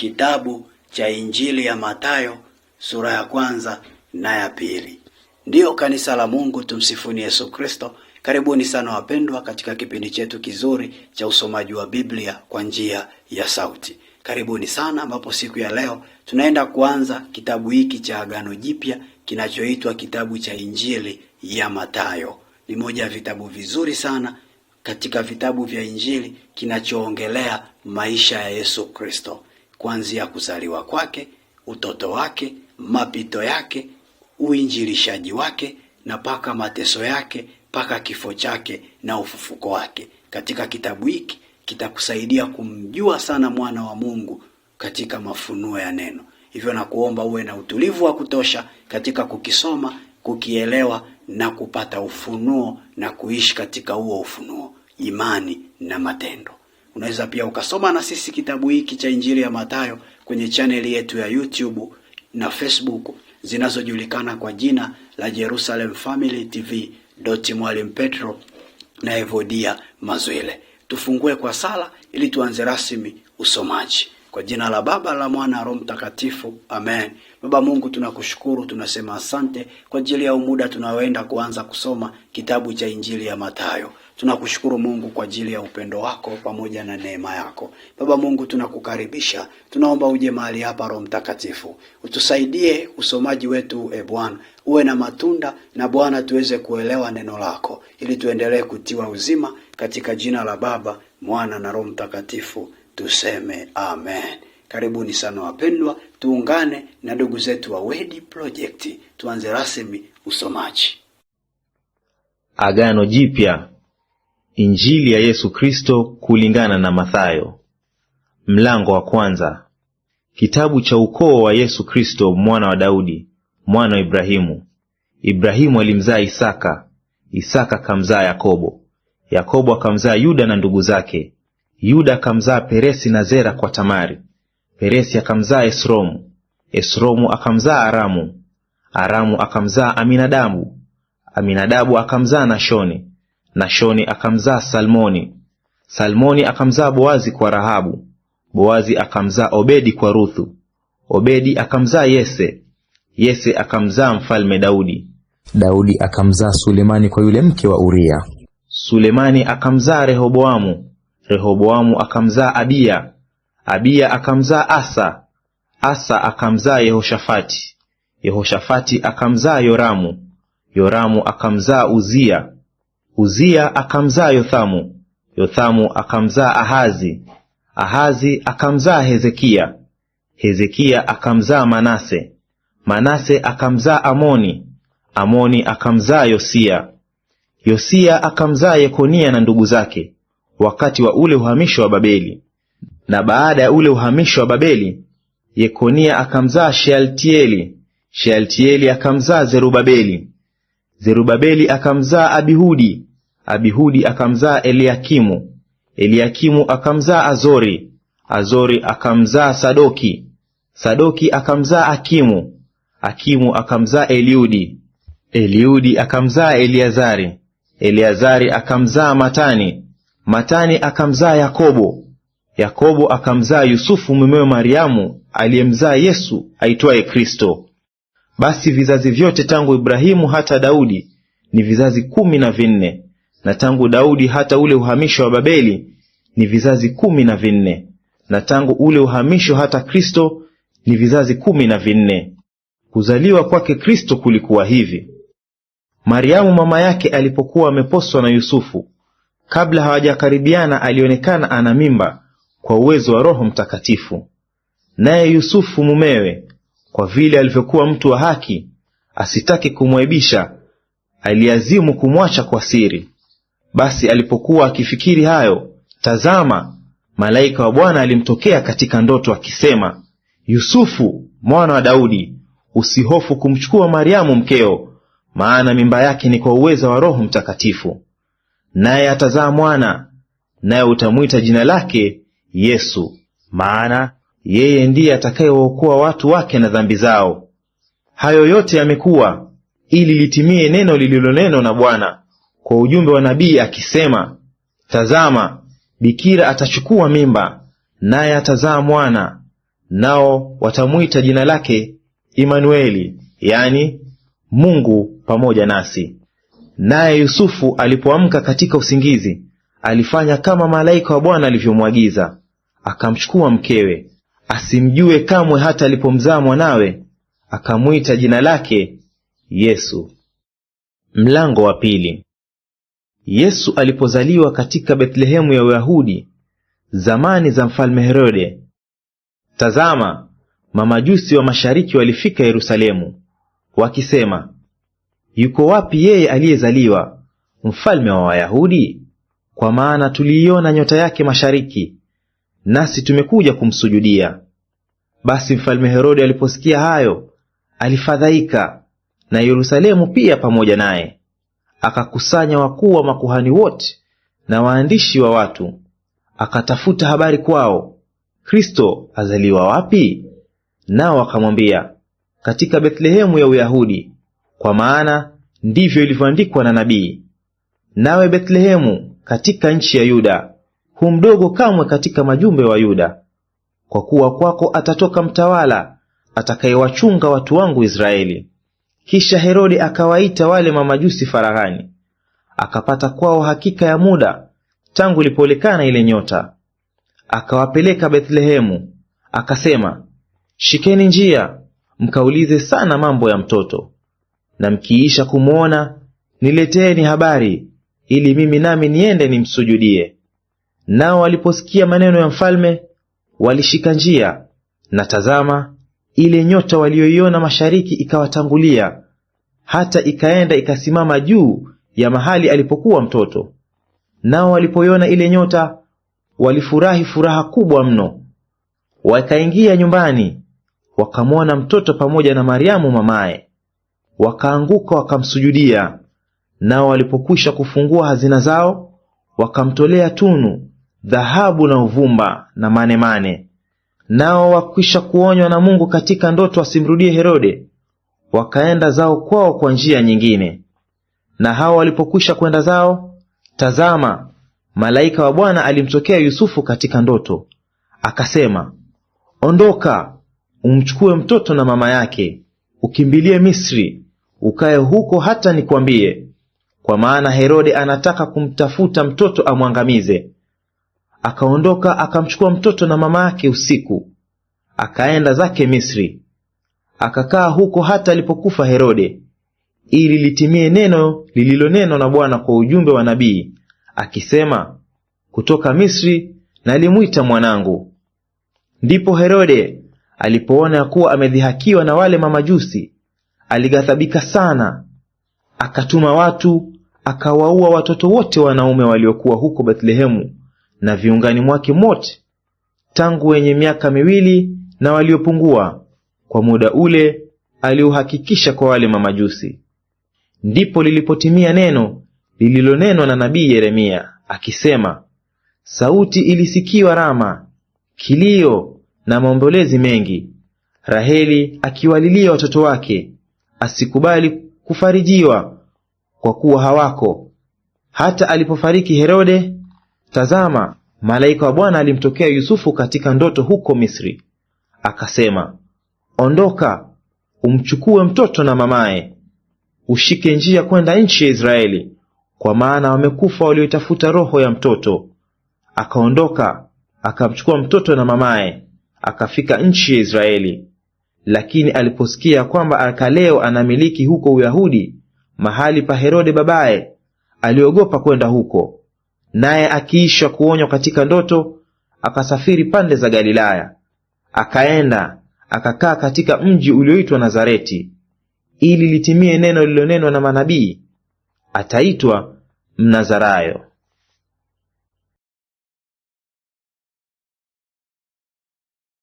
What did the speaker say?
kitabu cha Injili ya Mathayo sura ya kwanza na ya pili. Ndiyo kanisa la Mungu, tumsifuni Yesu Kristo. Karibuni sana wapendwa, katika kipindi chetu kizuri cha usomaji wa Biblia kwa njia ya sauti. Karibuni sana, ambapo siku ya leo tunaenda kuanza kitabu hiki cha Agano Jipya kinachoitwa kitabu cha Injili ya Mathayo. Ni moja ya vitabu vizuri sana katika vitabu vya Injili kinachoongelea maisha ya Yesu Kristo kuanzia kuzaliwa kwake, utoto wake, mapito yake, uinjilishaji wake na paka mateso yake mpaka kifo chake na ufufuko wake. Katika kitabu hiki kitakusaidia kumjua sana mwana wa Mungu katika mafunuo ya neno. Hivyo nakuomba uwe na utulivu wa kutosha katika kukisoma, kukielewa na kupata ufunuo na kuishi katika huo ufunuo, imani na matendo. Unaweza pia ukasoma na sisi kitabu hiki cha Injili ya Mathayo kwenye chaneli yetu ya YouTube na Facebook zinazojulikana kwa jina la Jerusalem Family TV doti Mwalimu Petro na Evodia Mazwile. Tufungue kwa sala ili tuanze rasmi usomaji. Kwa jina la Baba la Mwana Roho Mtakatifu, amen. Baba Mungu, tunakushukuru, tunasema asante kwa ajili ya umuda tunaoenda kuanza kusoma kitabu cha Injili ya Mathayo. Tunakushukuru Mungu kwa ajili ya upendo wako pamoja na neema yako. Baba Mungu, tunakukaribisha, tunaomba uje mahali hapa, Roho Mtakatifu, utusaidie usomaji wetu, e Bwana uwe na matunda, na Bwana tuweze kuelewa neno lako, ili tuendelee kutiwa uzima, katika jina la Baba, Mwana na Roho Mtakatifu tuseme amen. Karibuni sana wapendwa, tuungane na ndugu zetu wa Wedi Project, tuanze rasmi usomaji Agano Jipya Injili ya Yesu Kristo kulingana na Mathayo, mlango wa kwanza. Kitabu cha ukoo wa Yesu Kristo mwana wa Daudi, mwana wa Ibrahimu. Ibrahimu alimzaa Isaka, Isaka akamzaa Yakobo, Yakobo akamzaa Yuda na ndugu zake. Yuda akamzaa Peresi na Zera kwa Tamari. Peresi akamzaa Esromu, Esromu akamzaa Aramu, Aramu akamzaa Aminadabu, Aminadabu akamzaa Nashoni, Nashoni akamzaa Salmoni, Salmoni akamzaa Boazi kwa Rahabu, Boazi akamzaa Obedi kwa Ruthu, Obedi akamzaa Yese, Yese akamzaa mfalme Daudi. Daudi akamzaa Sulemani kwa yule mke wa Uria. Sulemani akamzaa Rehoboamu, Rehoboamu akamzaa Abiya, Abiya akamzaa Asa, Asa akamzaa Yehoshafati, Yehoshafati akamzaa Yoramu, Yoramu akamzaa Uzia, Uzia akamzaa Yothamu, Yothamu akamzaa Ahazi, Ahazi akamzaa Hezekia, Hezekia akamzaa Manase, Manase akamzaa Amoni, Amoni akamzaa Yosia, Yosia akamzaa Yekonia na ndugu zake wakati wa ule uhamisho wa Babeli. Na baada ya ule uhamisho wa Babeli, Yekonia akamzaa Shealtieli, Shealtieli akamzaa Zerubabeli, Zerubabeli akamzaa Abihudi, Abihudi akamzaa Eliakimu, Eliakimu akamzaa Azori, Azori akamzaa Sadoki, Sadoki akamzaa Akimu, Akimu akamzaa Eliudi, Eliudi akamzaa eliazari Eleazari akamzaa Matani, Matani akamzaa Yakobo, Yakobo akamzaa Yusufu mumewe Mariamu aliyemzaa Yesu aitwaye Kristo. Basi vizazi vyote tangu Ibrahimu hata Daudi ni vizazi kumi na vinne na tangu Daudi hata ule uhamisho wa Babeli ni vizazi kumi na vinne, na tangu ule uhamisho hata Kristo ni vizazi kumi na vinne. Kuzaliwa kwake Kristo kulikuwa hivi: Mariamu mama yake alipokuwa ameposwa na Yusufu, kabla hawajakaribiana alionekana ana mimba kwa uwezo wa Roho Mtakatifu. Naye Yusufu mumewe, kwa vile alivyokuwa mtu wa haki, asitaki kumwaibisha, aliazimu kumwacha kwa siri. Basi alipokuwa akifikiri hayo, tazama, malaika wa Bwana alimtokea katika ndoto akisema, Yusufu mwana wa Daudi, usihofu kumchukua Mariamu mkeo, maana mimba yake ni kwa uweza wa Roho Mtakatifu, naye atazaa mwana, naye utamwita jina lake Yesu, maana yeye ndiye atakayewaokoa watu wake na dhambi zao. Hayo yote yamekuwa ili litimie neno lililoneno na Bwana kwa ujumbe wa nabii akisema, tazama, bikira atachukua mimba, naye atazaa mwana, nao watamwita jina lake Imanueli, yani Mungu pamoja nasi. Naye Yusufu alipoamka katika usingizi, alifanya kama malaika wa Bwana alivyomwagiza, akamchukua mkewe, asimjue kamwe, hata alipomzaa mwanawe, akamwita jina lake Yesu. Mlango wa pili. Yesu alipozaliwa katika Bethlehemu ya Uyahudi zamani za mfalme Herode. Tazama, mamajusi wa mashariki walifika Yerusalemu wakisema, yuko wapi yeye aliyezaliwa mfalme wa Wayahudi? Kwa maana tuliiona nyota yake mashariki, nasi tumekuja kumsujudia. Basi mfalme Herode aliposikia hayo alifadhaika, na Yerusalemu pia pamoja naye akakusanya wakuu wa makuhani wote na waandishi wa watu, akatafuta habari kwao, Kristo azaliwa wapi? Nao akamwambia, katika Bethlehemu ya Uyahudi, kwa maana ndivyo ilivyoandikwa na nabii, nawe Bethlehemu katika nchi ya Yuda hu mdogo kamwe katika majumbe wa Yuda, kwa kuwa kwako atatoka mtawala atakayewachunga watu wangu Israeli. Kisha Herode akawaita wale mamajusi faraghani, akapata kwao hakika ya muda tangu ilipoonekana ile nyota. Akawapeleka Bethlehemu, akasema, shikeni njia mkaulize sana mambo ya mtoto, na mkiisha kumwona nileteeni habari, ili mimi nami niende nimsujudie. Nao waliposikia maneno ya mfalme walishika njia, na tazama, ile nyota walioiona mashariki ikawatangulia hata ikaenda ikasimama juu ya mahali alipokuwa mtoto. Nao walipoiona ile nyota walifurahi furaha kubwa mno. Wakaingia nyumbani, wakamwona mtoto pamoja na Mariamu mamaye, wakaanguka wakamsujudia. Nao walipokwisha kufungua hazina zao, wakamtolea tunu dhahabu na uvumba na manemane mane nao wakwisha kuonywa na Mungu katika ndoto asimrudie Herode, wakaenda zao kwao kwa njia nyingine. Na hao walipokwisha kwenda zao, tazama, malaika wa Bwana alimtokea Yusufu katika ndoto, akasema, ondoka, umchukue mtoto na mama yake, ukimbilie Misri, ukae huko hata nikwambie, kwa maana Herode anataka kumtafuta mtoto amwangamize. Akaondoka akamchukua mtoto na mama yake usiku, akaenda zake Misri, akakaa huko hata alipokufa Herode, ili litimie neno lililonenwa na Bwana kwa ujumbe wa nabii akisema, kutoka Misri nalimwita mwanangu. Ndipo Herode alipoona ya kuwa amedhihakiwa na wale mamajusi, alighadhabika sana, akatuma watu akawaua watoto wote wanaume waliokuwa huko Bethlehemu na viungani mwake mote, tangu wenye miaka miwili na waliopungua, kwa muda ule aliuhakikisha kwa wale mamajusi. Ndipo lilipotimia neno lililonenwa na nabii Yeremia akisema, sauti ilisikiwa Rama, kilio na maombolezi mengi, Raheli akiwalilia watoto wake, asikubali kufarijiwa kwa kuwa hawako. Hata alipofariki Herode Tazama, malaika wa Bwana alimtokea Yusufu katika ndoto huko Misri, akasema, ondoka umchukue mtoto na mamaye, ushike njia kwenda nchi ya Israeli, kwa maana wamekufa walioitafuta roho ya mtoto. Akaondoka akamchukua mtoto na mamaye, akafika nchi ya Israeli. Lakini aliposikia kwamba Arkaleo anamiliki huko Uyahudi mahali pa Herode babaye, aliogopa kwenda huko. Naye akiisha kuonywa katika ndoto, akasafiri pande za Galilaya, akaenda akakaa katika mji ulioitwa Nazareti, ili litimie neno lililonenwa na manabii, ataitwa Mnazarayo.